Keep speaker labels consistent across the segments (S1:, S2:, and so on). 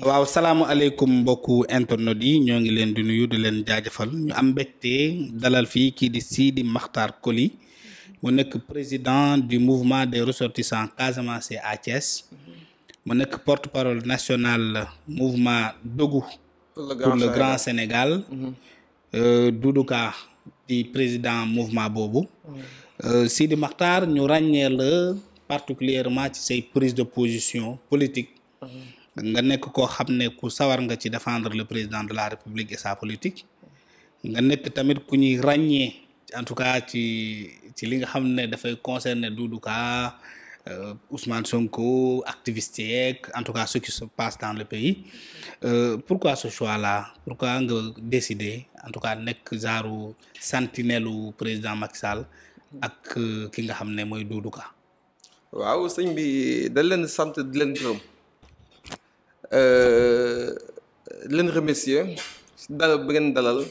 S1: waaw salaamualeykum mbokku internet yi ñoo ngi leen di nuyu di leen jaajëfal ñu am mbette dalal fii kii di Sidi Makhtar Coly mu nekk président du mouvement des ressortissants Casamance à Thiès mu nekk porte-parole national mouvement Dogu
S2: pour le grand,
S1: Sénégal mhm. euh, Doudou di président mouvement boobu mhm. euh, Sidi Makhtar ñu ràññee la particulièrement ci say prise de position politique mhm. nga nekk koo xam ne ku sawar nga ci défendre le président de la république et politique nga nekk tamit ku ñuy ràññee en tout cas ci ci li nga xam ne dafay concerner Doudou Ka euh, Ousmane Sonko activiste yeeg en tout cas ce qui se passe dans le pays euh, pourquoi ce choix là pourquoi nga décider en tout cas nekk genre sentinelle président Macky Sall ak euh, ki nga xam ne mooy Doudou Ka.
S2: waaw sëñ bi dal leen sant di leen gërëm Euh, leen remercier dalal bi ngeen dalal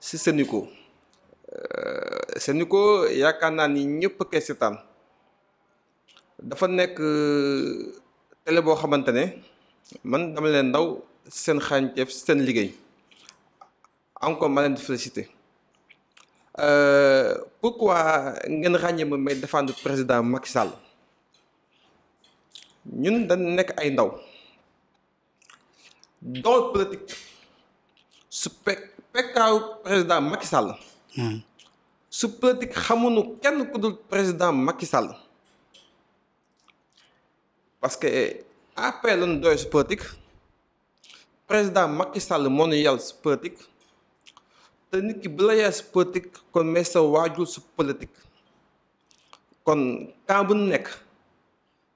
S2: si Senico euh, Senico yaakaar naa ni ñëpp kay seetaan dafa nekk euh, télé boo xamante ne man dama leen ndaw seen xànceef seen liggéey encore ma leen di félicité pourquoi ngeen ràññee ma may défendre président Macky Sall ñun dañ nekk ay ndaw dool politique su pekkaaw président Macky Sall. Hmm. su politique xamuñu kenn ku président Macky Sall. parce que après lañu doy su politique président Macky Sall moo ñu yàll su politique te nit ki bu la yàll su politique kon mais sa waajur su politique kon camp bu nekk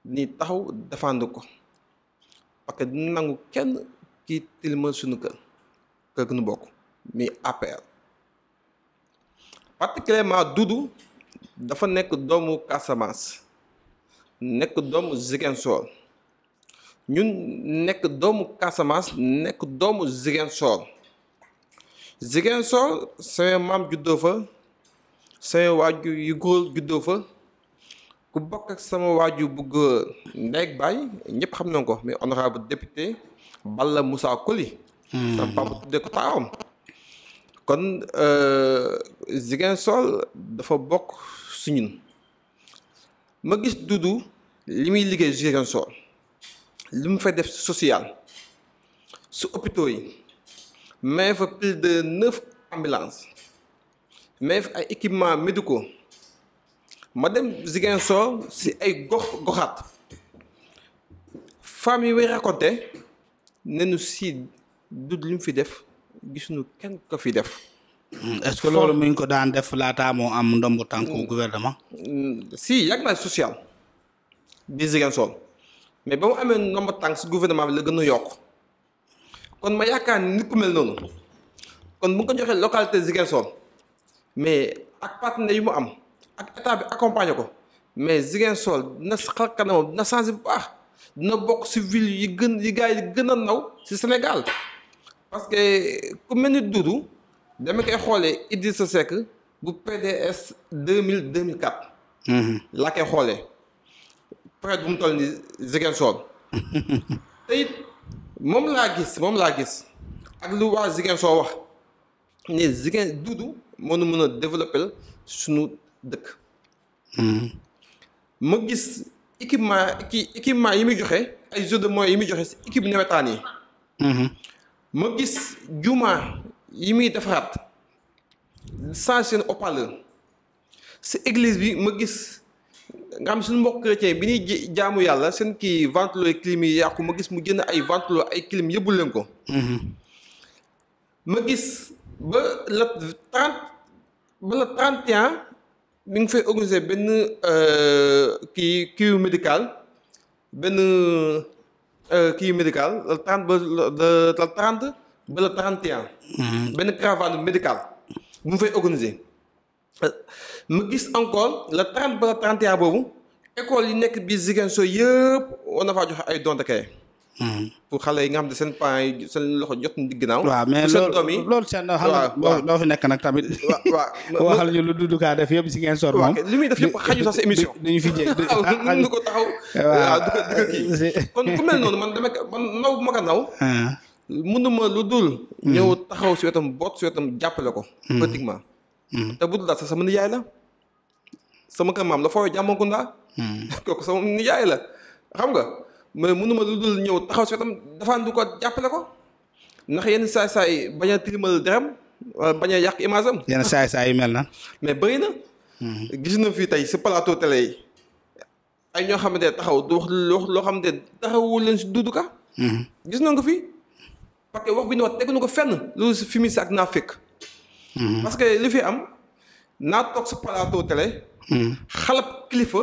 S2: nii taxaw défendre ko parce nangu kenn. kii Tilima sunu kër kër nu bokk mi APR particulièrement Doudou dafa nekk doomu Casamance nekk doomu Ziguinchor ñun nekk doomu Casamance nekk doomu Ziguinchor Ziguinchor sama maam juddoo fa sama waajur yu góor juddoo fa ku bokk ak sama waajur bu góor ndeeg baay ñëpp xam nañ ko mais honorable député Balla Moussa Koli. Hmm. sama papa tuddee ko taawam. kon euh, Ziguinchor dafa bokk su ñun ma gis dudu li muy liggéey Ziguinchor li mu fa def social su hôpitaux yi mais fa plus de neuf ambulances mais fa ay équipement médicaux ma dem Ziguinchor si ay gox goxaat femmes yi nenu si dud li mu fi def gisuñu kenn ko fi def. Hmm, est-ce que loolu mi ngi
S1: ko daan def laataa moo am ndomb
S2: tànku hmm. gouvernement. Hmm, si yàgg naa social. di Ziguinchor mais ba mu amee ndombu tànk si gouvernement bi la gën a yokk kon ma yaakaar ni nit ku mel noonu kon mu nga ko joxee localité Ziguinchor mais ak partenaires yi mu am ak état bi accompagner ko mais Ziguinchor dina xar kanamam dina changé bu baax. dina bokk si ville yi gën yi gars yi gën a naw si Sénégal parce que ku mel ni Doudou dama koy xoolee Idrissa Seck bu PDS deux mille deux mille quatre. Mhm. laa koy xoolee près bu mu toll ni Ziguinchor. te moom laa gis moom laa gis ak lu waa Ziguinchor wax ne Ziguin Doudou moo nu mën a développer suñu dëkk. Mhm. ma gis. équipement kii équipement yi muy joxe ay jeux de moyens yi muy joxe si équipe nawetaan yi. Mhm. ma gis juma yi muy defaraat station haut-parleur si église bi ma gis nga xam suñu mbokk chrétien bi ñuy jaamu yàlla seen kii ventilo clim yi yàqu ma gis mu jën ay ventilo ay kilim yëbbu leen ko. Mhm. ma gis ba le trente ba le trente et mi ngi fay organiser benn euh, kii kii yu médical benn euh, kii médical le trente ba le trente ba le trente et un mhm. benn caravane médicale bu mu fay organiser gis encore le trente ba le trente boobu école yu nekk biir Ziguinchor yëpp war na faa joxe ay dons de pour xale yi nga xam ne seen parents yi seen loxo jot na ginnaaw. waaw mais loolu loolu seen doom yi
S1: doo fi nekk nag tamit.
S2: waaw waxal
S1: ñu lu yëpp si ngeen sor moom. li
S2: muy def yëpp xaju sax sa émission. dañu fi jé du ah, ko taxaw. ko du ko kii ma ko naw. mënuma lu dul. Hmm. ñëw taxaw si wetam boot si wetam jàppale ko. Hmm. pratiquement. Hmm. te bu dul daal sax sama nijaay la. sama kër maam la fooy jàmmagunda. kooku sama nijaay la xam nga. mais mënuma lu dul ñëw taxaw si wetam dafandu ko jàppale ko ndax yenn saay saay bañ a tilimal deram wala bañ yàq image am. yenn saay saay yu mel na. mais bëri na. Mhm. gis na fii tey si plateau télé ay ñoo xamante ne taxaw du wax xam xamante ne taxawul leen si Doudou mhm. gis na nga fi parce que wax bi ñu wax ko fenn loolu si fumier si naa fekk. Mhm. que li fi am naa toog si plateau télé. xalab kilifa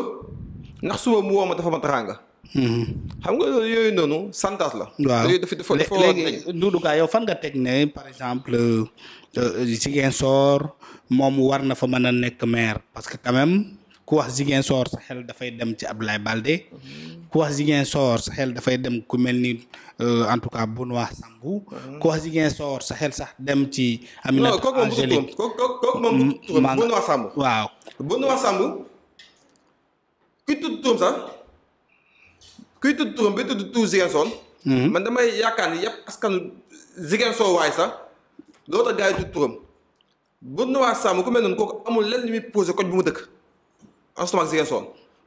S2: ndax suba mu woo ma dafa ma teraanga. Mm-hmm. xam nga yooyu noonu santas la. waaw yooyu dafa dafa dafa léegi
S1: Doudou yow fan nga teg ne par exemple euh, Ziguinchor moom war na fa mën a nekk maire parce que quand même ku wax Ziguinchor sa xel dafay dem ci Abdoulaye Baldé mm-hmm. ku wax Ziguinchor sa xel dafay dem ku mel ni euh, en tout cas Benoît Sambou mm-hmm. ku wax Ziguinchor sa xel sax dem ci. Aminata Angélique
S2: non moom kooku moom Benoît waaw sax. kuy tudd turam bi tudd tuur Ziguinchor. Mhm. man damay yaakaar ni yëpp askanu Ziguinchor waay sax loo tax gars yi tudd turam bu nu waa ku mel noonu kooku amul lenn li muy posé koñ bu mu dëkk en ce moment Ziguinchor.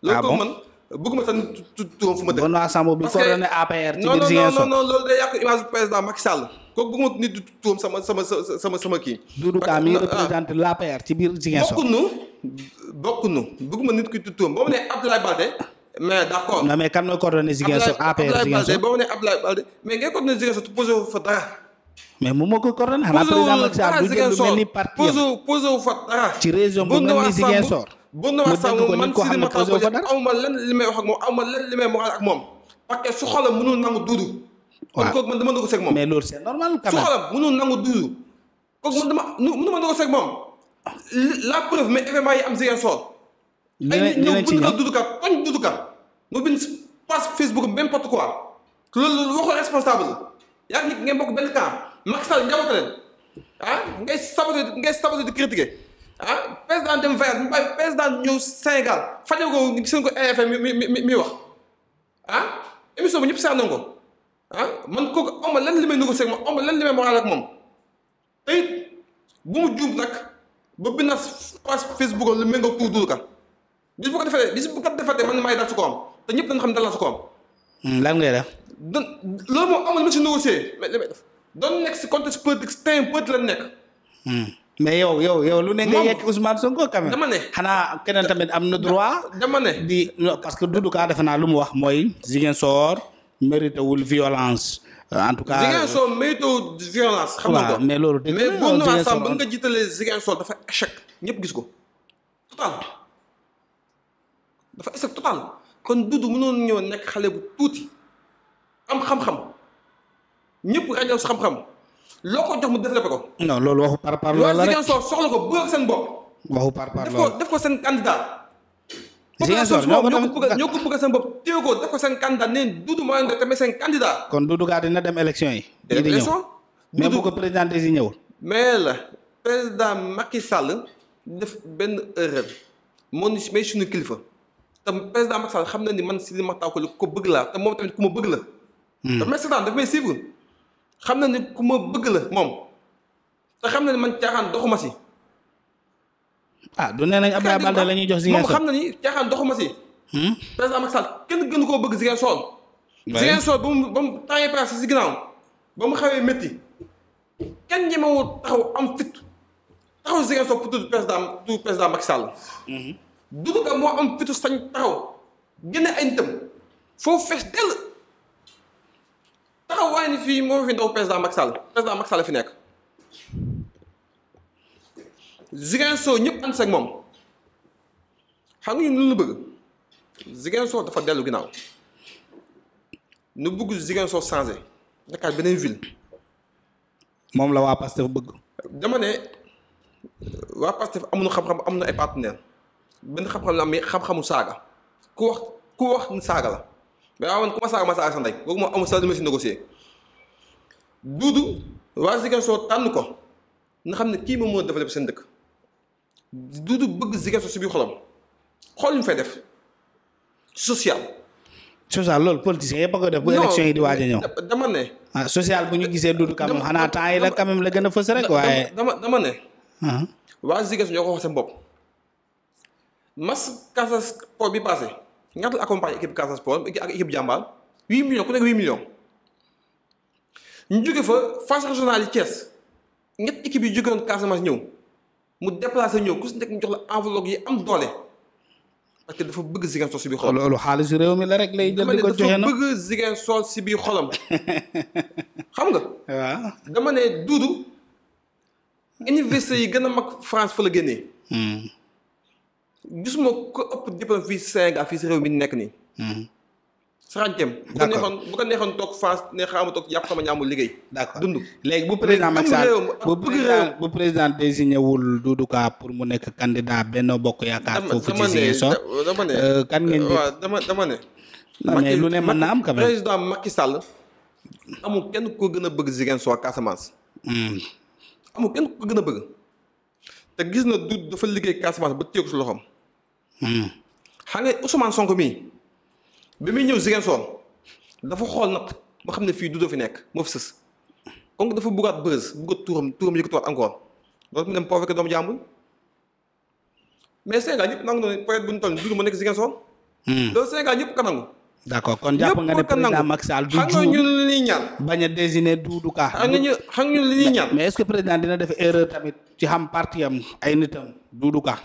S2: Ah loolu man bëgguma sax ni tudd turam fu ma dëkk. bon waa Sàmm bi coordonné APR. ci biir Ziguinchor non non day yàq image président Macky Sall. kooku bëgguma nit tudd turam sama sama sama sama kii. Doudou Ka mi ah. représente l'APR ci biir Ziguinchor. bokkuñu bokkuñu bëgguma nit ki tudd turam boo ma nee Abdoulaye Baldé. mais d'accord non mais kan mooy coordonné Ziguinchor APR Ziguinchor ba wu fa dara.
S1: mais moom moo ko coordonné xanaa président Macky Sall du jël lu
S2: wu fa dara. ci région bu mel ni Ziguinchor. bu nu wax sàmm man Sidi Makhtar Gueye aw ma lenn li may wax moom aw ma lenn li may wax moom. parce que su xolam mënul nangu duudu. mais loolu c'est normal nangu duudu. kooku man dama mënuma dugg seeg moom. la preuve mais événement yi am Ziguinchor ay nit ñëw bind ko Doudou Ka bañ Doudou Ka mu bind passe Facebook n'importe quoi loolu waxu responsable la yaa ngi ngeen bokk benn camp Macky Sall njaboote leen ah, ngay sabote di critiquer ah président dem voyage mu bàyyi président ñëw Sénégal fajal ko seen ko RFM mi mi wax ah émission bi ñëpp seet nañ ko ah man kooku am na lenn li may négocier ak moom am na lenn li may moral ak moom te it bu mu nag ba bind naa page Facebook lu méngoo tuur Doudou Ka bis bu ko defee bis bu ko defee man maay dal su ko am te ñëpp dañu dal naa su ko am. Hmm, lan ngay def. da loolu moom amul ma si négocier mais doon nekk si contexte politique temps politique la nekk.
S1: Hmm. mais yow yow yow lu ne nga yekk Ousmane Sonko quand même. dama ne
S2: xanaa keneen tamit am na droit. dama ne
S1: parce que Doudou Ka defe naa lu mu wax mooy. Ziguinchor mérité wul violence. Euh, en tout cas Ziguinchor
S2: mérité wul violence. xam nga
S1: mais loolu. dëgg mais bu ñu naan sàmm
S2: nga jiitalee Ziguinchor dafa échec ñëpp gis ko total. dafa échec total kon Doudou mënoon ñëw nekk xale bu tuuti am xam-xam ñëpp ràññal sa xam-xam loo ko jox mu développé ko.
S1: non loolu waxu par par loolu la rek Ziguinchor
S2: soxla ko bëgg seen bopp.
S1: waxu par par loolu def ko
S2: def ko seen candidat. Ziguinchor ñoo ko def ko bëgg seen bopp téye ko def ko seen candidat neen Doudou moo leen def tamit seen candidat.
S1: kon Doudou gaa dina dem élection yi. di ñëw mais bu ko président
S2: mais la président Macky Sall def benn erreur moo ni may suñu kilifa. te président Macky Sall xam na ni man Sidi Makhtar Coly ku ko bëgg laa te moom tamit ku ma bëgg la. daf may seetaan daf may suivre xam na ni ku ma bëgg la moom te xam na ni man caaxaan doxuma si. ah du nee nañ Abdoulaye Balde la ñuy jox Ziguinchor moom xam na ni caaxaan doxuma si. Hmm? président Macky Sall kenn gënu koo bëgg Ziguinchor. waaye Ziguinchor ba mu ba mu temps si ginnaaw ba mu xawee métti kenn ñemewul taxaw am fit taxaw Ziguinchor pour tudd président pour président Macky Sall. Hmm. Doudou Ka moo am fitu sañ taxaw génne ay nitam foofu fees dell taxaw waaye ni fii moo fi ndaw président Macky Sall président fi nekk Ziguinchor ñëpp ànd seeg moom xam nga ñun lu dafa dellu ginnaaw nu bëgg Ziguinchor changé nekkaat beneen ville. moom la waa Pastef bëgg. dama ne waa Pastef amuñu xam-xam na ay partenaires. benn xam-xam la am mais xam-xamu saaga ku wax ku wax saaga la mais waaw man ku ma saaga ma saaga sa ndey kooku moom amul sax lu ma si négocier duudu waa Ziguinchor tànn ko nga xam ne kii moom moo développé seen dëkk duudu bëgg Ziguinchor si biir xolam xool li mu fay def social.
S1: social loolu politicien yëpp a ko def. bu élection yi di waaj a ñëw dama ne. ah social bu ñu gisee Doudou quand xanaa temps yi la quand la gën a fës rek waaye. dama dama ne. Ah.
S2: waa Ziguinchor ñoo ko wax seen bopp. mas Casa Sport bi passé ñaata la accompagné équipe Casa Sport ak équipe jàmbaar 8 millions ku nekk 8 millions ñu jóge fa phase régionale yi Thiès ñett équipe yi jóge woon Casamance ñëw mu déplacé ñëw ku si nekk mu jox la enveloppe yi am doole parce que dafa bëgg Ziguinchor si biir xolam. loolu
S1: xaalis réew mi la rek lay jël
S2: si biir xolam
S1: xam nga.
S2: waaw dama ne Doudou université yi gën a mag France fa la génnee. Hmm. ma ko ëpp diplôme fii Sénégal fii si réew mi nekk nii. sarañteem. d' accord bu ko neexoon bu ko neexoon toog Fass ne xaaral ma liggéey. d' accord dund léegi bu président Macky président
S1: bu président désigné wul pour mu nekk candidat Benno Bokk Yaakaar. foofu ci Ziguinchor dama ne euh, kan
S2: dama dama ne. lu ne mën na am quand même président Macky Sall amul kenn ko gën a bëgg Ziguinchor Casamance. Hmm. amul kenn ko gën a bëgg. te gis na du dafa liggéey Casamance ba téye ko loxoom. xam nga Ousmane Sonko mii bi muy ñëw Ziguinchor dafa xool nag ba xam ne fii du doo fi nekk moo fi sës kon dafa bëggaat bës bëggaat tuuram tuuram yëkkatuwaat encore loolu mu dem provoqué doomu jàmbul mais Sénégal ñëpp nangu na peut-être bu ñu toll dugg ma nekk Ziguinchor. Hmm. loolu Sénégal ñëpp kanangu d'accord kon jàpp nga ne président Macky Sall du xam ñun li ñuy ñaan bañ a
S1: désigner Doudou Ka xam nga ñu xam ñun li ñuy ñaan mais est-ce que président dina def erreur tamit ci xam parti am ay nitam Doudou Ka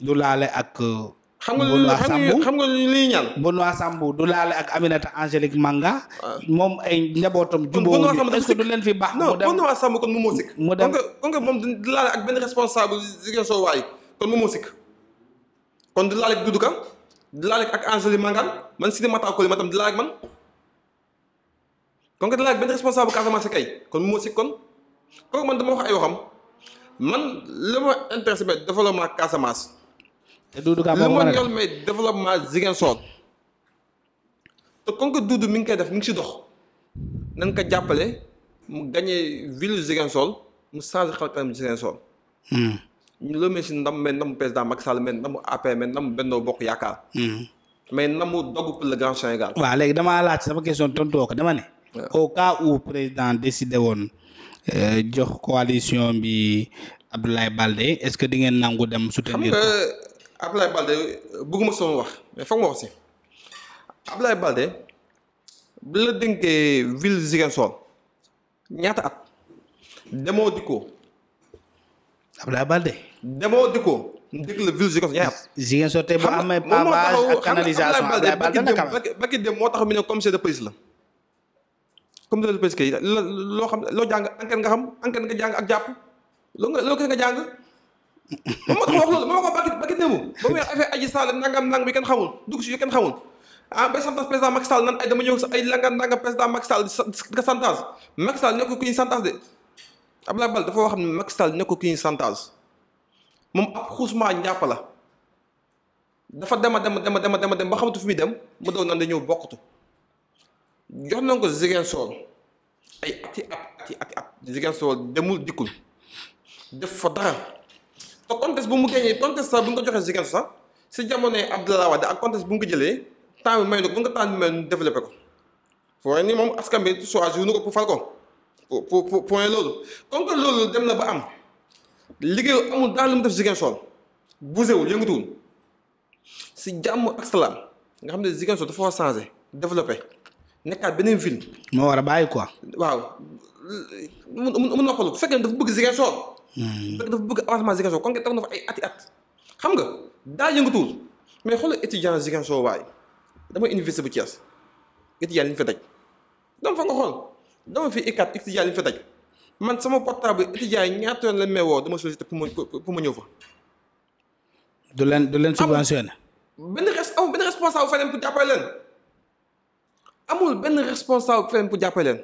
S1: du laale ak. Euh, xam nga xam nga lii ñaan Benoît Sambou du laale ak Aminata Angélique Manga. Ah. moom ay njabootam. jubóo
S2: est-ce que baax. mu dem non moom moo sikk. mu dem kon kon nga moom du laale ak benn responsable Ziguinchor waay kon moom moo sikk. kon du laale ak man Sidi Mata Koli ma tam du nga du laale benn responsable Casamance kay kon moom moo sikk kon kooku man dama wax ay waxam man li ma intéressé ba développement Casamance. te Doudou Ka moo ko war a def développement Ziguinchor te kon que Doudou mi ngi koy def mi ngi si dox nañ ko jàppale mu gagné ville sol mu changé xel kanam Ziguinchor. Hmm. ñu loo mel si ndam mais président Macky Sall mais ndamu APR mais ndamu Bokk Yaakaar. Hmm. mais mu dogu pour le grand Sénégal.
S1: waaw léegi damaa laaj sama question tontoo ko dama ne. au cas où président décidé woon euh, jox coalition bi Abdoulaye Balde est-ce que di ngeen nangu dem soutenir.
S2: Abdoulaye Balde bëgguma sama wax mais foog ma wax si Abdoulaye Balde bu la dénkee ville Ziguinchor ñaata at demoo dikkoo. Abdoulaye Balde. demoo dikkoo. dégg la ville Ziguinchor ñaata at. Ziguinchor tey bu amee pavage ak canalisation Abdoulaye Balde naka la bakki dem moo tax mu ne commissaire de police la. commissaire de police kay loo xam loo jàng enquête nga xam enquête nga jàng ak jàpp loo nga loo gis nga jàng. moom moo tax ma wax loolu moo ma ko bakki bakki démb ba muy affaire aji sall nangam nang bi kenn xamul dugg si yu kenn xamul ah ba santas président Macky Sall nan ay dama ñëw sa ay langam nangam président Macky Sall di ko santage Macky Sall nekkul ku ñuy santage de Abdoulaye Bal dafa wax ne Macky Sall nekkul ku ñuy santage moom ab xuusmaa njàpp la dafa dem a dem a dem a dem ba xamatu fi muy dem mu doon nan da ñëw bokkatu jox nañ ko Ziguinchor ay ati at ati at Ziguinchor demul dikkul def fa dara te contexte bu mu génnee contexte sax bu ñu ko joxee Ziguinchor sax si jamonoy Abdoulaye Wade ak contexte bu mu ko jëlee temps bi may na ko bu nga temps bi may nu développé ko fooy ni moom askan bi choisir nu ko pour fal ko pour pour pour loolu comme que loolu dem na ba am liggéey amul daal lu mu def Ziguinchor bougéwul yëngatuwul si jàmm ak salaam nga xam ne Ziguinchor dafa war a changé développé nekkaat beneen ville.
S1: moo war a bàyyi quoi.
S2: waaw mu mu noppalu bu fekkee dafa bëgg Ziguinchor. fekk dafa bëgg avancement Ziguinchor kon nga tax na fa ay ati at xam nga daa yëngatuwul mais xoolal étudiant Ziguinchor waaye dama université bu Thiès étudiant li ñu fa daj dama fa nga xool dama fi ikat étudiant li ñu fa daj man sama portable étudiant yi ñaata yoon la may woo dama sollicité pour ma pour ma ñëw fa du
S1: leen du leen subventionné
S2: benn res amul benn responsable fa leen pour jàppale leen amul benn responsable fa leen pour jàppale leen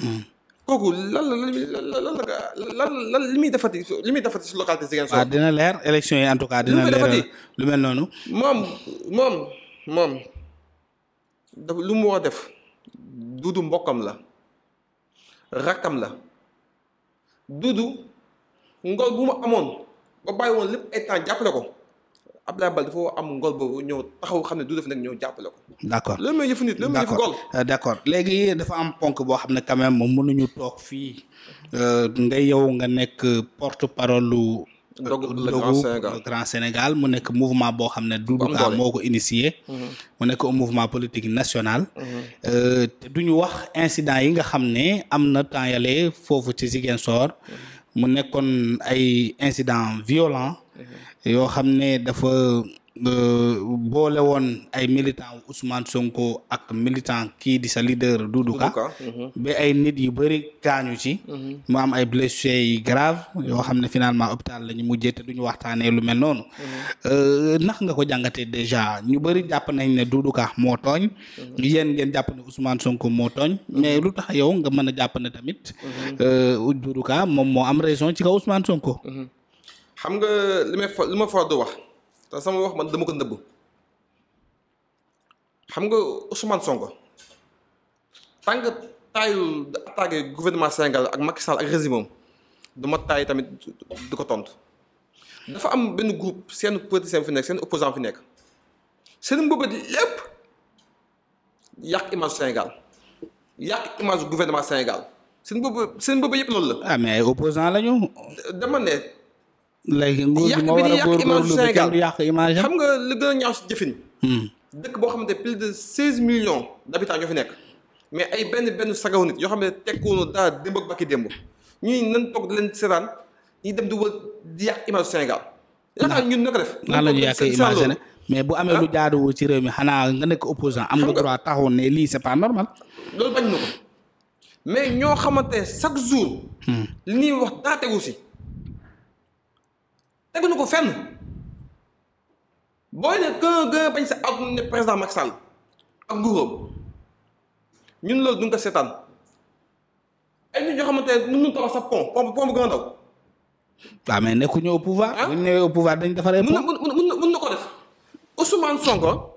S2: hmm. kooku lan la lan li muy defati li muy defati si localité Ziguinchor. waaw ah, dina
S1: leer élection yi en tout cas. dina leer lu mel noonu.
S2: moom moom moom dafa lu mu war a def dudu mbokkam la rakkam la dudu ngor bu mu amoon ba bàyyi woon lépp ay jàppale ko. Abdoulaye Bal foo am ngor boobu ñëw taxaw xam ne du def nag ñëw jàppale ko. d' accord loolu mooy yëfu nit loolu
S1: mooy euh, léegi dafa am ponk boo xam ne quand même mënuñu toog fii euh, nga yow nga nekk porte parole lu.
S2: ndogu euh, le
S1: grand Sénégal mu nekk mouvement boo xam ne. Doudou Ka moo ko initié. Mhm. mu nekk un mouvement politique national. Mhm. te du ñu wax incident yi nga xam ne am na temps yale foofu ci Ziguinchor. Mhm. mu nekkoon ay incident violent yoo xam ne dafa euh, boole woon ay militant Ousmane Sonko ak militant kii di sa leader Doudou Ka mhm. ay nit yu bëri gaañu ci mhm. mu am ay blessés yi grave yoo xam ne finalement hôpital la ñu mujjee te duñu waxtaanee lu mel noonu mhm. euh, ndax nga ko jàngatee déjà ñu bëri jàpp nañ ne Doudou moo tooñ yéen ngeen jàpp ne Ousmane Sonko moo mais lu tax yow nga mën a jàpp ne tamit euh, Doudou moom moo am raison ci kaw Ousmane Sonko
S2: xam nga li may li ma faral di wax te sama wax man dama ko nëbb xam nga Ousmane Sonko tàng taayul di attaqué gouvernement Sénégal ak Macky Sall ak régime am du ma taay tamit du ko tontu dafa am benn groupe seen politicien fi nekk seen opposant fi nekk seen mbëbët lépp yàq image Sénégal yàq image gouvernement Sénégal seen mbëbët seen mbëbët yëpp loolu la.
S1: ah mais ay opposant lañu.
S2: dama ne.
S1: léegi nguur gi moo war a góorgóorlu bi kenn du yàq image xam
S2: nga li gën a ñaaw si jëfin hmm. dëkk boo xamante plus de seize millions d'habitants ñoo fi nekk mais ay benn benn sagaw nit yoo xam ne tekkoonu daa démb ak bakki démb ñuy nan toog di leen seetaan ñuy dem di wër di yàq image Sénégal yaakaar ñun naka def nan la ñu yàqee image ne
S1: mais bu amee lu ah? ci réew mi xanaa nga nekk opposant am nga droit taxawoon ne lii c'est pas normal
S2: loolu bañ na ko mais ñoo xamante chaque jour hmm. li ñuy wax daa tegu si teguñu ko fenn booy ne gën gën bañ sa ak ne président Macky Sall ak nguuram ñun loolu duñ ko seetaan ay nit ñoo xamante ne mënuñu tabax sa pont pont pont bu gën a daw.
S1: waaw mais nekkuñu au pouvoir. ah bu ñu nee au pouvoir dañ defaree. pont
S2: mun na ko def
S1: Ousmane Sonko.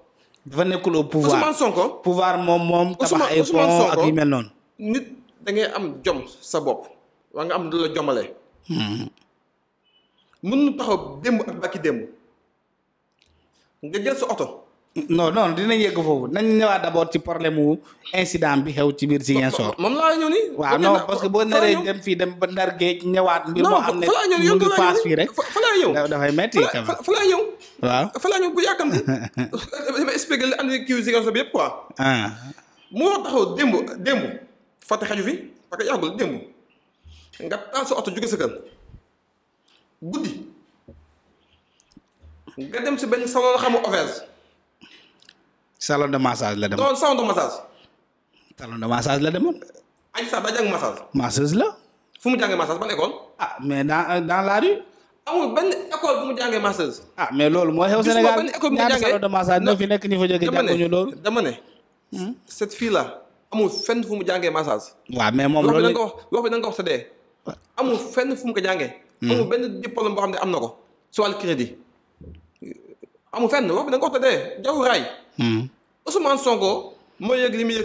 S1: dafa nekkuloo au pouvoir Sonko. pouvoir moom moom. tabax ay pont
S2: ak yu mel noonu. nit da ngay am jom sa bopp waa nga am du jomale hmm. mën nu taxaw démb ak bakki démb
S1: nga jël sa oto. non non dinañ yegg foofu nañ ñëwaat d' abord ci problème mu incident bi xew ci biir Ziguinchor. moom
S2: laa ñëw nii. waaw non parce que boo naree
S1: dem fii dem ba Ndar géej ñëwaat. mbir moo xam ne mu ngi faas fii rek. fa laa ñëw dafay métti. fa laa ñëw. waaw
S2: fa laa ñëw bu yàggam bi. dama expliqué la yëpp quoi. Ah. moo taxaw démb démb fàtte xaju fi parce que yàggul démb nga taal sa oto jóge sa kër. guddi nga dem si benn salon xamu offees
S1: salon de massage la demoon. salon de massage. salon de massage la demoon.
S2: Adji Sarr daa jàng massage.
S1: masseuse la.
S2: fu mu jàngee massage ban école. ah mais dans dans la rue. amul benn école bu mu jàngee masseuse. ah mais loolu moo xew Sénégal benn école mu jàngee massage ñoo fi
S1: nekk ñu fa jógee jànguñu
S2: loolu. dama ne hmm? cette fille là amul fenn fu mu jàngee massage. waa mais moom loolu wax bi da wax bi da nga wax sa dee. amul fenn fu mu ko jàngee. Mm-hmm. amul benn diplôme boo xam ne am na ko si wàllu fenn wax bi da ko wax dee jaru raay mm-hmm. Ousmane Sonko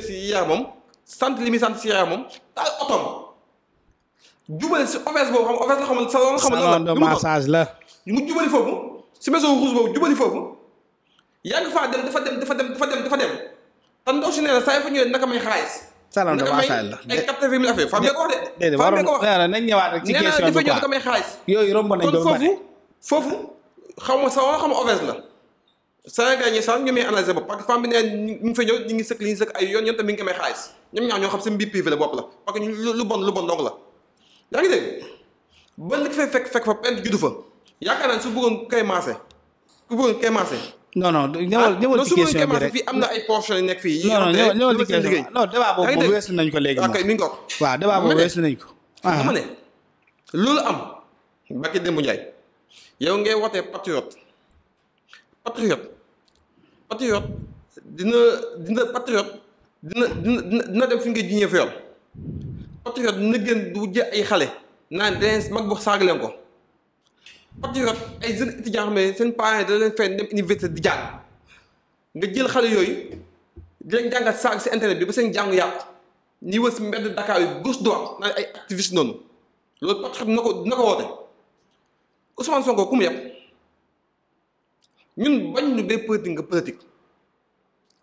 S2: si yaramam sant li sant si yaramam taal otom si office boobu xam office la xamal salon xamal salon de mu jubali foofu si maison rouge boobu jubali foofu yaa ngi faa dem dafa dem dafa dem dafa dem dafa dem te ndaw si nee na saa yi fa ñëwee naka may xaalis
S1: salaam dama asaay la ay
S2: capté film la femme de ko wax de déedéet waroon na nañ ñëwaat rek ci question bi dafa ko may xaalis yooyu romb nañ doon foofu xaw ma sa xaw ma obèse la Sénégal ñi sax ñu may analyser bopp parce bi nee ñu ngi fa ñëw ñu ngi sëkk li ñu sëkk ay yoon ñoom tamit mi ngi may xaalis ñoom ñaar ñoo xam seen mbir privé la bopp la parce que lu bon lu bon dong la yaa ngi dégg ba li fay fekk fekk fa pent juddu fa yaakaar naa su bëggoon kay maase ku bëggoon kay maase
S1: non non ñëwal ah, ñëwal ci question bi rek am na ay
S2: portion yu nekk fii. non non ñëwal ci question non débat boobu weesu nañ ko ko.
S1: waaw ah. débat boobu weesu ko.
S2: dama ne loolu am. Mbacké Demba Ndiaye yow ngay wootee patriote patriote patriote dina dina patriote dina dina dina dem fi nga jiñee fi yoon patriote dina gën du jë ay xale naan danañ mag bu saag ko. patriote ay jeunes étudiants xam ne seen parents da leen fenn dem université di jàng nga jël xale yooyu di leen jàngal saag si internet bi ba seen jàng yàqu ñuy wër si mbedd Dakar yi gauche droite ay activiste noonu loolu patriote dina ko dina ko woote Ousmane Sonko ku yàpp ñun bañ ñu bay politique nga politique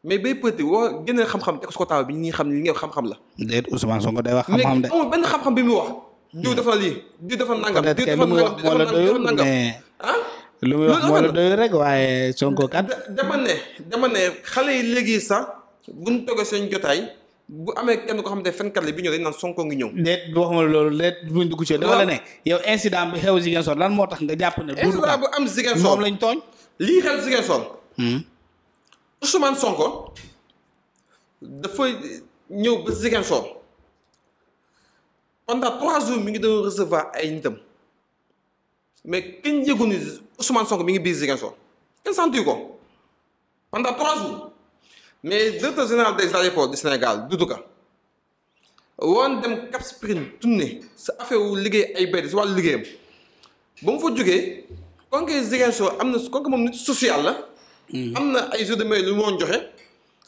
S2: mais bay politique woo génne xam-xam teg ko ko taaw bi ñi xam ne li nga xam-xam la.
S1: déet Ousmane Sonko day wax xam-xam de. amul
S2: benn xam-xam bi mu wax. diw dafa lii diw dafa nangam diw dafa nangam dafa nangam
S1: ah? lu muy wax moo la doyul rek waaye Sonko kat.
S2: dama ne dama ne xale yi léegi sax bu ñu toggee seen jotaay bu amee kenn ko xam ne fenkat la bi ñëw dañ naan Sonko ngi ñëw. déet waxuma loolu déet buñ dugg ci dafa la ne yow incident bi xew Ziguinchor lan moo tax nga jàpp ne. incident bu am Ziguinchor moom lañ tooñ. lii xel Ziguinchor. Hmm? Ousmane Sonko dafa ñëw ba Ziguinchor. pendant trois jours mi ngi doon recevoir ay nitam mais kenn yëgu ni Ousmane Sonko mi ngi biir Ziguinchor kenn sentu ko pendant trois jours mais directeur général des aéroports Sénégal Doudou Ka woon dem Cap Skirring tourné sa affaire liggéey ay béy si wàllu liggéeyam ba mu fa jógee kon que am na kon moom nit social la. Hmm. am na ay jeux de maille lu mu joxe.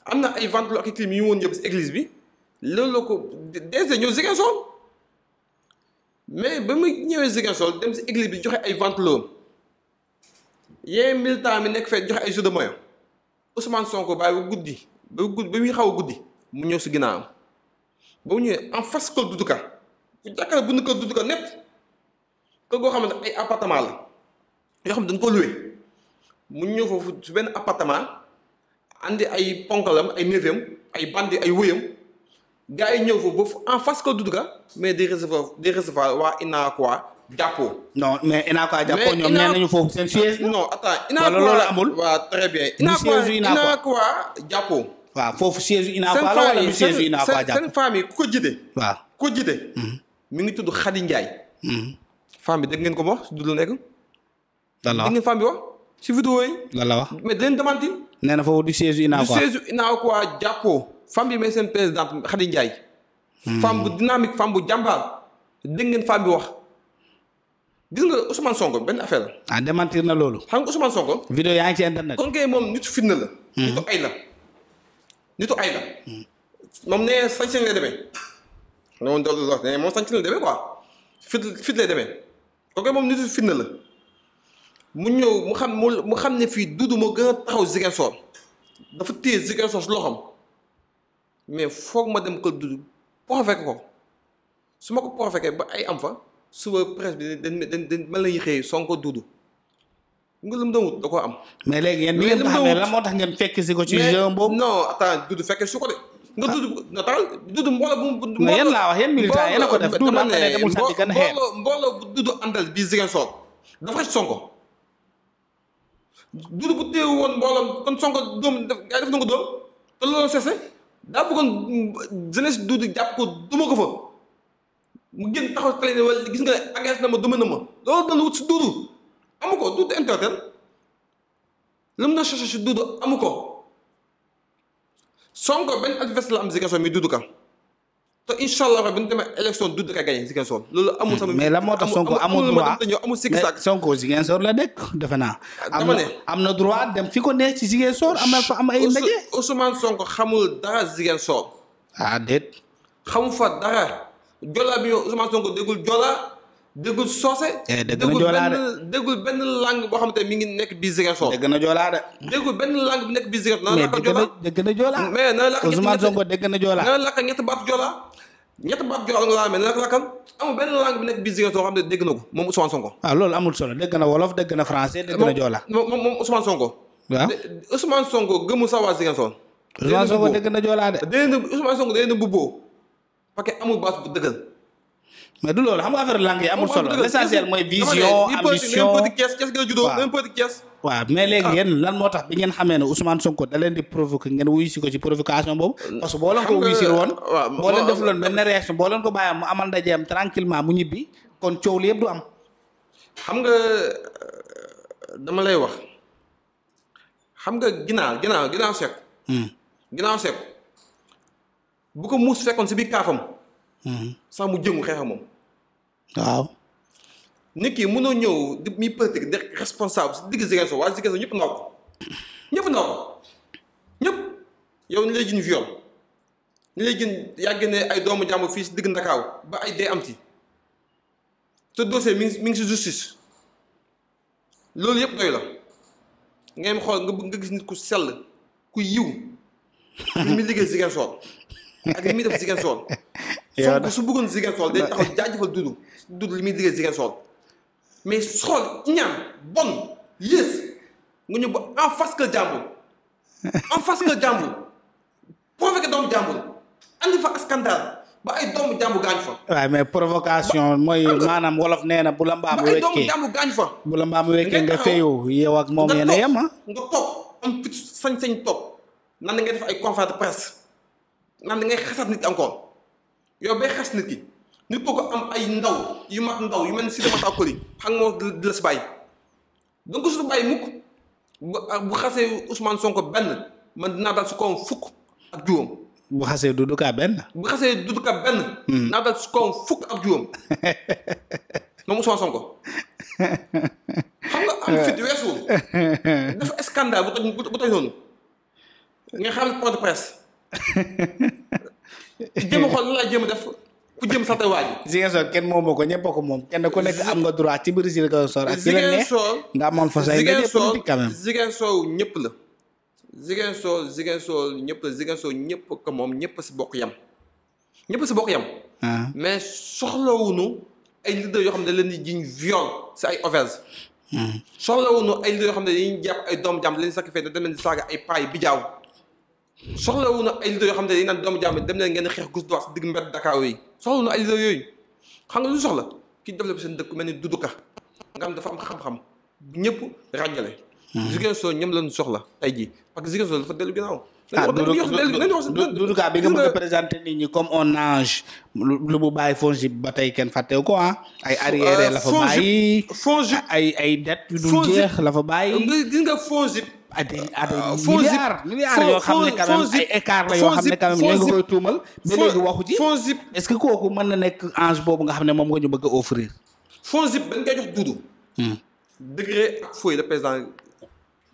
S2: am na ay ventes ak clim yu woon yóbbu si église bi loolu la ko dèjà ñëw Ziguinchor. mais ba muy ñëwee Ziguinchor dem si église bi joxe ay ventilo yee militant mi nekk fee joxe ay jeu de moyen Ousmane Sonko bàyyi ba guddi ba guddi ba muy xaw a guddi mu ñëw si ginnaawam ba mu ñëwee en face kër Duduka bu jàkkaarloo bu nu kër Duduka nepp kër goo xamante ay appartement la yoo xam ne dañ ko loué mu ñëw foofu su benn apartement andi ay ponkalam ay nevem ay bandi ay wëyam gars yi ñëw foofu ba en face ko Duda mais di recevoir di recevoir waa Inaakuwa jàppoo. non mais Inaakuwa jàppoo ñoom nee nañu foofu seen siège. non attends Inaakuwa wala loolu amul. waaw foofu siège Inaakuwa la ko waa waaw ku ko jite. Mm-hmm. mi ngi tudd Khady Ndiaye. femme mm-hmm. bi dégg ko wax si Duda nekk. lan la wax dégg ngeen femme mais dinañ demante.
S1: nee na foofu du siège Inaakuwa du siège
S2: Inaakuwa jàppoo. femme bi may seen présidente Khady Ndiaye. Hmm. femme bu dynamique femme bu jàmbaar dégg ngeen femme bi wax. gis nga Ousmane Sonko benn affaire la. ah démentir na loolu. xam nga Ousmane Sonko. vidéo yaa ngi ci internet. kon kay moom nitu fitna la. Hmm. nitu ay la. nitu ay la. Hmm. moom nee na sañ-sañ lay demee. loolu loolu la mu ñëw mu xam mu mu xam ne fii Doudou moo gën a taxaw Ziguinchor. dafa téye Ziguinchor si loxoom. mais foog ma dem kër Doudou profeké ko su ma ko profeké ba ay am fa suba presse bi dañ dañ dañ mën la ñuy xëy Sonko Doudou nga lu mu doon da koo am. mais léegi yéen ngeen ko xamee lan moo tax ngeen fekk si ko ci jeu boobu. non attends Doudou fekkee ko de. nga ah. Doudou nga taxal Doudou mbooloo bu. mais yéen laa wax yéen militant yéen a ko def. Doudou am na ne demul sànni gën a xeer mbooloo mbooloo bu Doudou àndal bu woon mbooloo kon Sonko doom def gaa def na ko doom te loolu cessé daa bëggoon jeunesse Doudou jàpp ko duma ko fa mu génn taxaw tali wala gis nga ne agressé na ma duma na ma loolu dana wut si Doudou amu ko Doudou lu mu na cherché si Doudou amu ko Sonko benn adversaire la am si kaso mi Doudou Ka te incha allah rabi bu ñu demee élection de rek a gagné Ziguinchor loolu amul sama. mais la moo Sonko amul droit amul
S1: Sonko Ziguinchor la nekk defe ah,
S2: am na droit dem fi ko ne ci Ziguinchor am na fa am ay ndaje. Ousmane Sonko xamul dara Ziguinchor. ah déet. xamu fa dara jola bi Ousmane Sonko déggul jola déggul soose. Eh, dégg na joolaa de benn langue boo xam ne mi ngi nekk biir Ziguinchor. dégg na joolaa de. déggul benn langue bu nekk biir Ziguinchor. mais dégg na joolaa mais na lakk
S1: dégg na joolaa. na
S2: lakk na lakkal amul ko moom Ousmane Sonko. waaw ah, loolu amul solo dégg na
S1: wolof dégg na français dégg na joolaa.
S2: moom moom Ousmane Sonko. waaw Ousmane Sonko gëmu sa waa Ziguinchor. Ousmane Sonko na joolaa de. amul baat bu dëggal mais du loolu xam nga affaire langue yi amul solo l'essentiel mooy vision ambition
S1: waaw mais léegi ah. yéen lan moo tax bi ngeen xamee ne Ousmane Sonko da leen di provoquer ngeen wuyu si ko ci provocation boobu parce que boo leen ko wuyu si woon boo leen def loon benn réaction boo leen ko bàyyi mu amal ndajeem tranquillement mu ñibbi kon coow li yëpp du am
S2: xam nga euh, dama lay wax xam nga ginnaaw ginnaaw ginnaaw seeku hmm. ginnaaw seeku bu ko muus fekkoon si biir kaafam Hmm. sax mu jëngu xeexa moom waaw nit ki mënoo ñëw di muy politique de responsable si digg Ziguinchor waa Ziguinchor ñëpp naw ko ñëpp naw ko yow ni lay gën viol ni lay gën yàgg ne ay doomu jàmm fii si digg Ndakaaw ba ay dee am ci te dossier mi ngi mi ngi si justice loolu yëpp doy la ngay xool nga bëgg nga gis nit ku sell ku yiw li muy liggéey Ziguinchor ak li muy def Ziguinchor Sonko su bëggoon Ziguinchor day taxaw jaajëfal Doudou Doudou li muy liggéey Ziguinchor mais xool ñaan bon yées nga ñëw ba en face que jàmbur en face que jàmbur provoqué doomu jàmbur andi
S1: mais provocation mooy maanaam wolof nee na bu la mbaam bu la mbaam nga feyoo yow moom yéen a ah.
S2: nga toog am fit sañ-sañ toog naan da ngay def ay conférence de presse naan ngay xasat nit encore. yow bay xas nit ki nit kooku am ay ndaw yu mag ndaw yu mel ni si dama saa donc su bàyyi xasee Ousmane Sonko benn man dinaa daal si kawam ak juróom.
S1: xasee Doudou bu
S2: xasee Doudou Ka benn. Hmm. naa ak juróom moom Ousmane Sonko
S3: xam nga am fit weesu dafa
S2: scandale bu toj bu toj noonu nga xam ne point de presse. jéem xool ñu lay def ku jéem salte waa ji.
S1: Ziguinchor kenn moomu ko ñëpp a ko moom kenn ku nekk am nga droit ci biir Ziguinchor ak ci la ne nga amoon façon yi nga ñëpp la
S2: ñëpp la Ziguinchor moom ñëpp si bokk yam ñëpp si bokk yam. Ah. mais soxlawuñu ay leader yoo xam ne leen di jiñ viol si ay auverges. Ah. soxlawuñu ay leader yoo xam ne dañuy jàpp ay doomu jàmm leen sacrifier da dem leen saaga ay paay bijaaw. soxlawu na ay leader yoo xam ne dañ naan doomu dem leen ngeen xeex gauche droite si digg mbedd Dakar yi soxlawu na ay leader yooyu xam nga lu soxla ki développé seen dëkk mel ni Doudou Ka nga xam dafa am xam-xam ñëpp ràññale. Hmm. Ziguinchor ñoom lañu soxla tey jii parce que Ziguinchor dafa dellu ginnaaw. ah Doudou Ka bi nga mën a présenté nit ñi comme
S1: un ange. lu mu bàyyi FONGIP ba tey kenn fàttewu ko ah. ay arriéré la fa bàyyi. FONGIP ay ay dettes yu jeex la fa bàyyi. gis ay ah, ay ah, euh, milliards milliards yoo xam ne quand même ay écart la xam ne quand même ñoo ngi koy tuumal mais léegi na nekk ange boobu nga xam ne moom nga ñu bëgg a offrir
S2: FONSIP dañ koy jox duudu hmm. décret ak feuille le président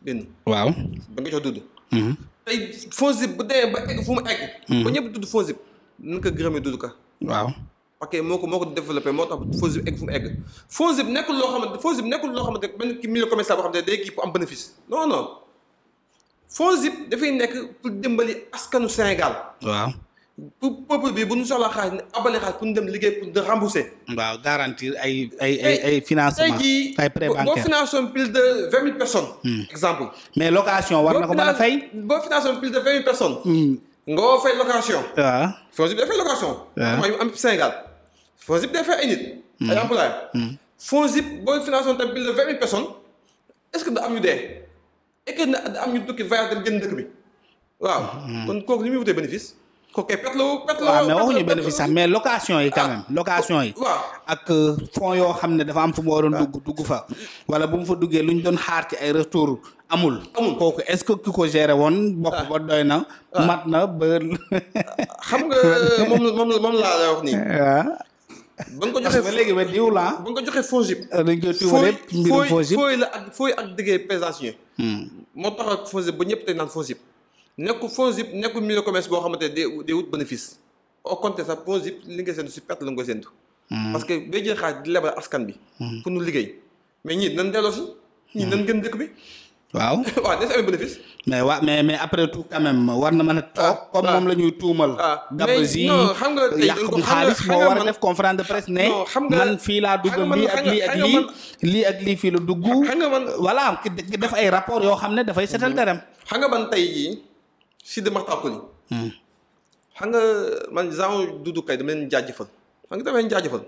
S2: benn waaw dañ koy jox duudu hmm. tey FONSIP bu demee ba egg fu mu egg hmm. ba ñëpp dudd FONSIP nañ ko gërëmee duudu ka waaw ok moo ko moo ko développé moo tax FONSIP egg fu mu egg FONSIP nekkul loo xam ne day kii pour am bénéfice non FONGIP dafay nekk pour dimbali askanu Sénégal. waaw pour peuple bi bu ñu soxla xaalis abale xaalis pour ñu dem liggéey pour de rembourser. waaw garantir ay
S1: financement ay prêt bancaire boo financé
S2: plus de vingt mille personnes. Hmm. exemple. mais location war na ko mën a fay. boo financé plus de vingt mille personnes. Hmm. nga woo fay location. waaw FONGIP am Sénégal. FONGIP dafay ay nit. Hmm. ay employés. FONGIP boo financé tamit plus de vingt mille personnes est-ce que da am ñu dee. et que am ñu tukki voyage dem génn dëkk bi waaw. Mm-hmm. kon kooku li muy wutee bénéfice. kooku kay perte la perte mais
S1: waxuñu bénéfice sax mais location yi quand même. Ah, location yi. ak euh, fonds yoo xam ne dafa am fu mu waroon ah. dugg dugg fa. wala bu mu fa duggee lu ñu doon xaar ci ay retour amul. amul kooku est-ce que ki ko géré woon. bopp ba ah. doy na. mat na ba. xam nga euh, moom
S2: moom laa wax nii. ba nga ko joxee ba léegi ba diw laa. Ah. ba nga ko joxee FONGIP. Ah,
S3: dañ koy yëpp mbirum FONGIP
S2: fooy la ak fooy ak déggee paysagers. Hmm. moo tax ak FONGIP ba tey naan FONGIP. nekku FONGIP nekku milieu commerce boo xamante day day wut bénéfice. au sax FONGIP li nga séntu si perte la nga koy séntu. Hmm. parce que bay jël xaalis di lebal askan bi. Hmm. pour nu liggéey mais ñii dinañ delloosi. ñii dinañ gën dëkk bi. waaw
S1: mais waa mais mais après tout quand war na mën a toog ah, comme moom ah. la ñuy tuumal. Dabazy ah, xam nga tey xaalis moo war a def conférence de presse ne. man fii laa dugg lii ak lii lii lii ak lii fii la dugg. xam nga man voilà def ay rapport yoo xam ne dafay setal mm-hmm. derem.
S2: xam nga ban tey jii si de Makhtar mm. xam nga man genre Doudou Kay dama leen jaajëfal xam nga dama jaajëfal.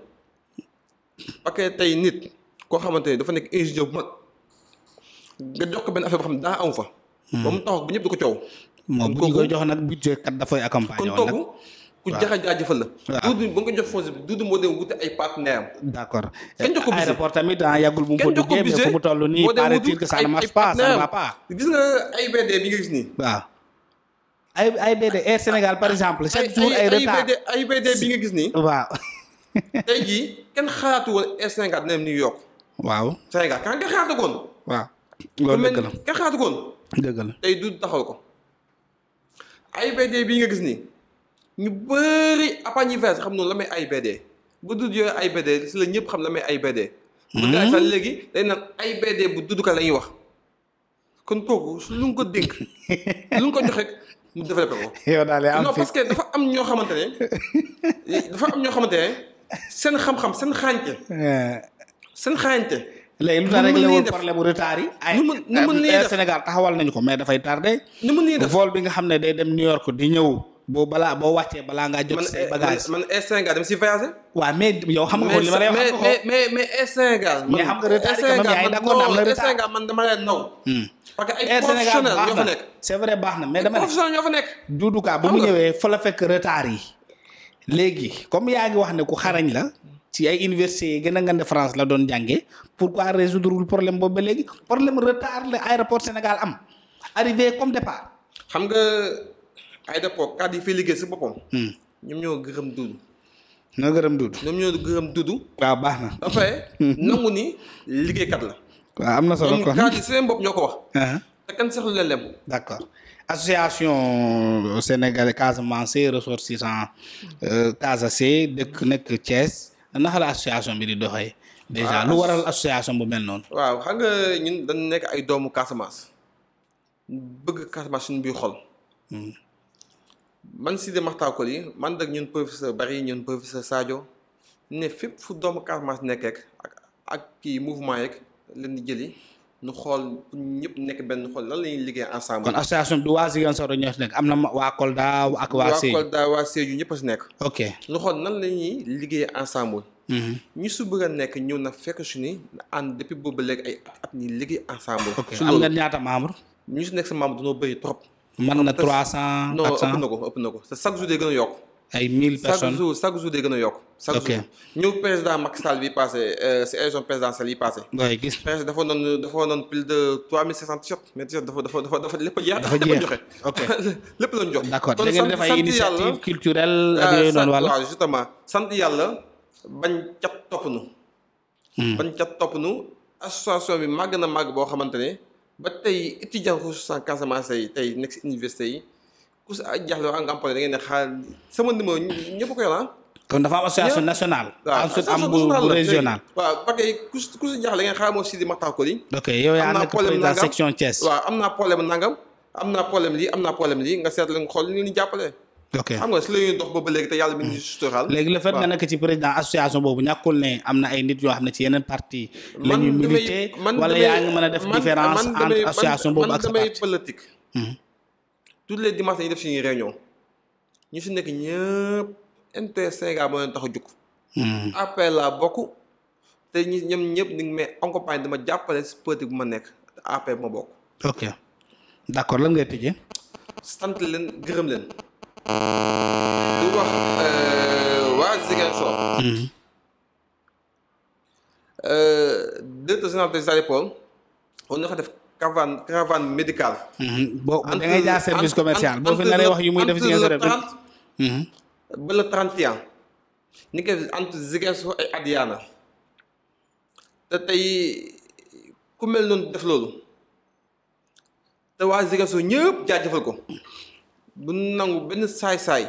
S2: parce que tey nit koo xamante ne dafa nekk ingénieur bu mag. nga jox ko benn affaire boo xam ne daa am fa. Hmm. ba mu taxaw ba ñëpp di ko coow. moom bu ñu koy jox nag budget kat dafay accompagner. kon kooku ku jaxa jaajëfal la. waaw duudu ba nga jox fonds bi duudu moo dem wuti ay partenaires am. d'accord kenn jox ko budget aéroport tamit ah yàggul bu mu ko duggee mais fu mu toll nii paraît-il que ça ne marche pas ça ne va pas. gis nga AIBD
S1: bi nga gis nii. waaw. ay AIBD Air Sénégal par exemple. chaque jour ay retard
S2: ay AIBD bi nga gis nii. waaw. tey jii kenn xalaatu woon Air Sénégal dina dem New York. waaw Sénégal kan nga xaatagoon. waaw. loolu dëgg la kenn xalaatu dëgg la tey du taxaw ko ay AIBD bii nga gis nii ñu bëri apañ yi xam noonu la may AIBD bu dud yooyu AIBD si la ñëpp xam la may ay bu daay hmm? léegi day nag AIBD bu dudd ka la ñuy wax kon kooku su lu nga ko dénk lu nga ko jox mu développé ko
S1: yow daal am non parce que
S2: dafa am ñoo xamante ne dafa am ñoo xamante ne seen xam-xam seen xaañte eh. seen xaañte léegi lu tax rek la woon problème mu retard yi. ay ay
S1: Sénégal nañu ko mais dafay tardé. ni mu nii def vol bi nga xam ne day dem New York di ñëw. boo balaa boo wàccee balaa ngaa jot say bagage eh, man Air eh, Sénégal dama si voyagé. waaw mais yow xam nga ko mais
S2: mais mais Air eh, Sénégal. yi quand même yaay am na retard Air man dama leen naw. Hmm. parce que ay
S1: baax na mais dama ne professionnels ñoo fa nekk. bu mu ñëwee fa la fekk retard yi. léegi comme yaa ngi wax ne ku xarañ la ci ay université yi gën a ngande France la doon jàngee pourquoi résoudre problème boobu ba léegi problème retard la aéroport Sénégal am arrivé
S2: comme départ. xam nga aéroport cadre yi fay liggéey si boppam. Hmm. ñoom ñoo gërëm duudu. ñoo gërëm duudu. ñoom ñoo gërëm duudu. waaw baax na. ba pare hmm. nangu ni la.
S1: waaw am na solo kon cadre yi
S2: seen bopp ñoo ko wax. Uh-huh. te kan sax lu leen leb. d'
S1: accord association euh, Sénégal Casamance ressortissant euh, Casacé dëkk nekk Thiès. naka la association bi di doxee. déjà lu waral association bu mel noonu.
S2: waaw xam nga ñun dañ nekk ay doomu Casamance. bëgg Casamance suñu biir xol. Hmm. man si de maxtaakol yi man dag ñun professeur Bari ñun professeur Sadio ne fépp fu doomu Casamance nekk ak ak kii mouvement yeeg leen di jëli. nu xool pour ñëpp nekk benn xool lan la ñuy liggéey ensemble. kon association
S1: du waa Ziguinchor ñoo si nekk am na waa Kolda ak waa Sédhiou waa Kolda
S2: waa Sédhiou ñëpp a si nekk. ok nu xool nan la ñuy liggéey ensemble. Mm-hmm. ñu su bëgg a nekk ñëw na fekk su ni ànd depuis boobu léegi ay at ñuy liggéey ensemble. ok am ngeen ñaata membre ñu si nekk sa membre dañoo bëri trop. mën na trois cent. quatre cent non ëpp na ko ëpp na ko te chaque jour day gën a yokk. ay mille personnes chaque jour chaque gën a yokk. chaque jour ñëw président Macky Sall bi passé euh, si élection présidentielle yi passé. gis nga dafa doon dafa doon plus de trois mille cinq cent t dafa dafa dafa dafa lépp a jeex. dafa joxe ok lépp lañ jox. d'accord da ngeen def ay initiative culturelle euh, ak yooyu noonu wala. waaw sant yàlla bañ cat topp nu. Hmm. bañ cat topp nu association bi màgg na màgg boo xamante ne ba tey étudiant ressources en Casamance yi tey nekk si université yi. Kousa Diakhoune ak Ngampal da ngeen ne xaar sama numéro ñëpp ko yor ah.
S1: kon dafa am association nationale. waaw am bu bu régional.
S2: waaw parce am naa problème nangam am naa problème lii nga seet la xool li ñu jàppale. ok xam nga ba ba te yàlla mi ngi le fait nga
S1: nekk ci président association boobu ñàkkul ne am na ay nit yoo xam ne ci yeneen parti la ñuy milité wala yaa ngi mën a def différence entre association boobu ak sa parti
S2: man mhm. damay tout les dimanches dañuy def suñuy réunion ñu si nekk ñëpp intérêt Sénégal moo tax a jug. Hmm. laa bokk te ñi ñoom ñëpp ni ngi may accompagner dama jàppale si bu ma nekk te après ma bokk.
S1: ok d' accord lan ngay tijjee.
S2: sant leen gërëm leen. di wax euh, waa Ziguinchor. Hmm. Euh, directeur général de Zalipol on a def caravane caravane médicale.
S1: Mhm. boo
S2: da ngay jaar service commercial boo fi naree wax yi muy def ci intérêt mhm. ba le 31. ñu koy entre Ziguinchor ay Adiana te tey ku mel noonu def loolu te waa Ziguinchor ñëpp jaajëfal ko bu nangu benn saay-saay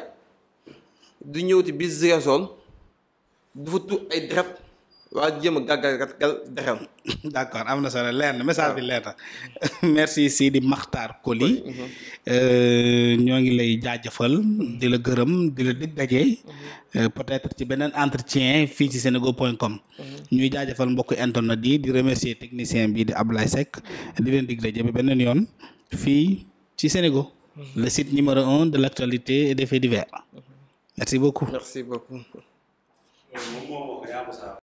S2: du ñëwti biir Ziguinchor du fa tuur ay deret waa jëm a gàggal
S1: dexew d' accord am na solo leer na message bi merci na merci Sidi Makhtar Koli uh-huh. euh, ñoo ngi lay jaajëfal di la gërëm di la dig daje uh-huh. euh, peut-être ci beneen entretien fii ci senego point uh-huh. ñuy jaajëfal mbokk internet yi di remercier technicien bi di Ablaye Seck di leen dig daje ba beneen yoon fii ci Senego le site numéro un de l' actualité divers
S3: euh,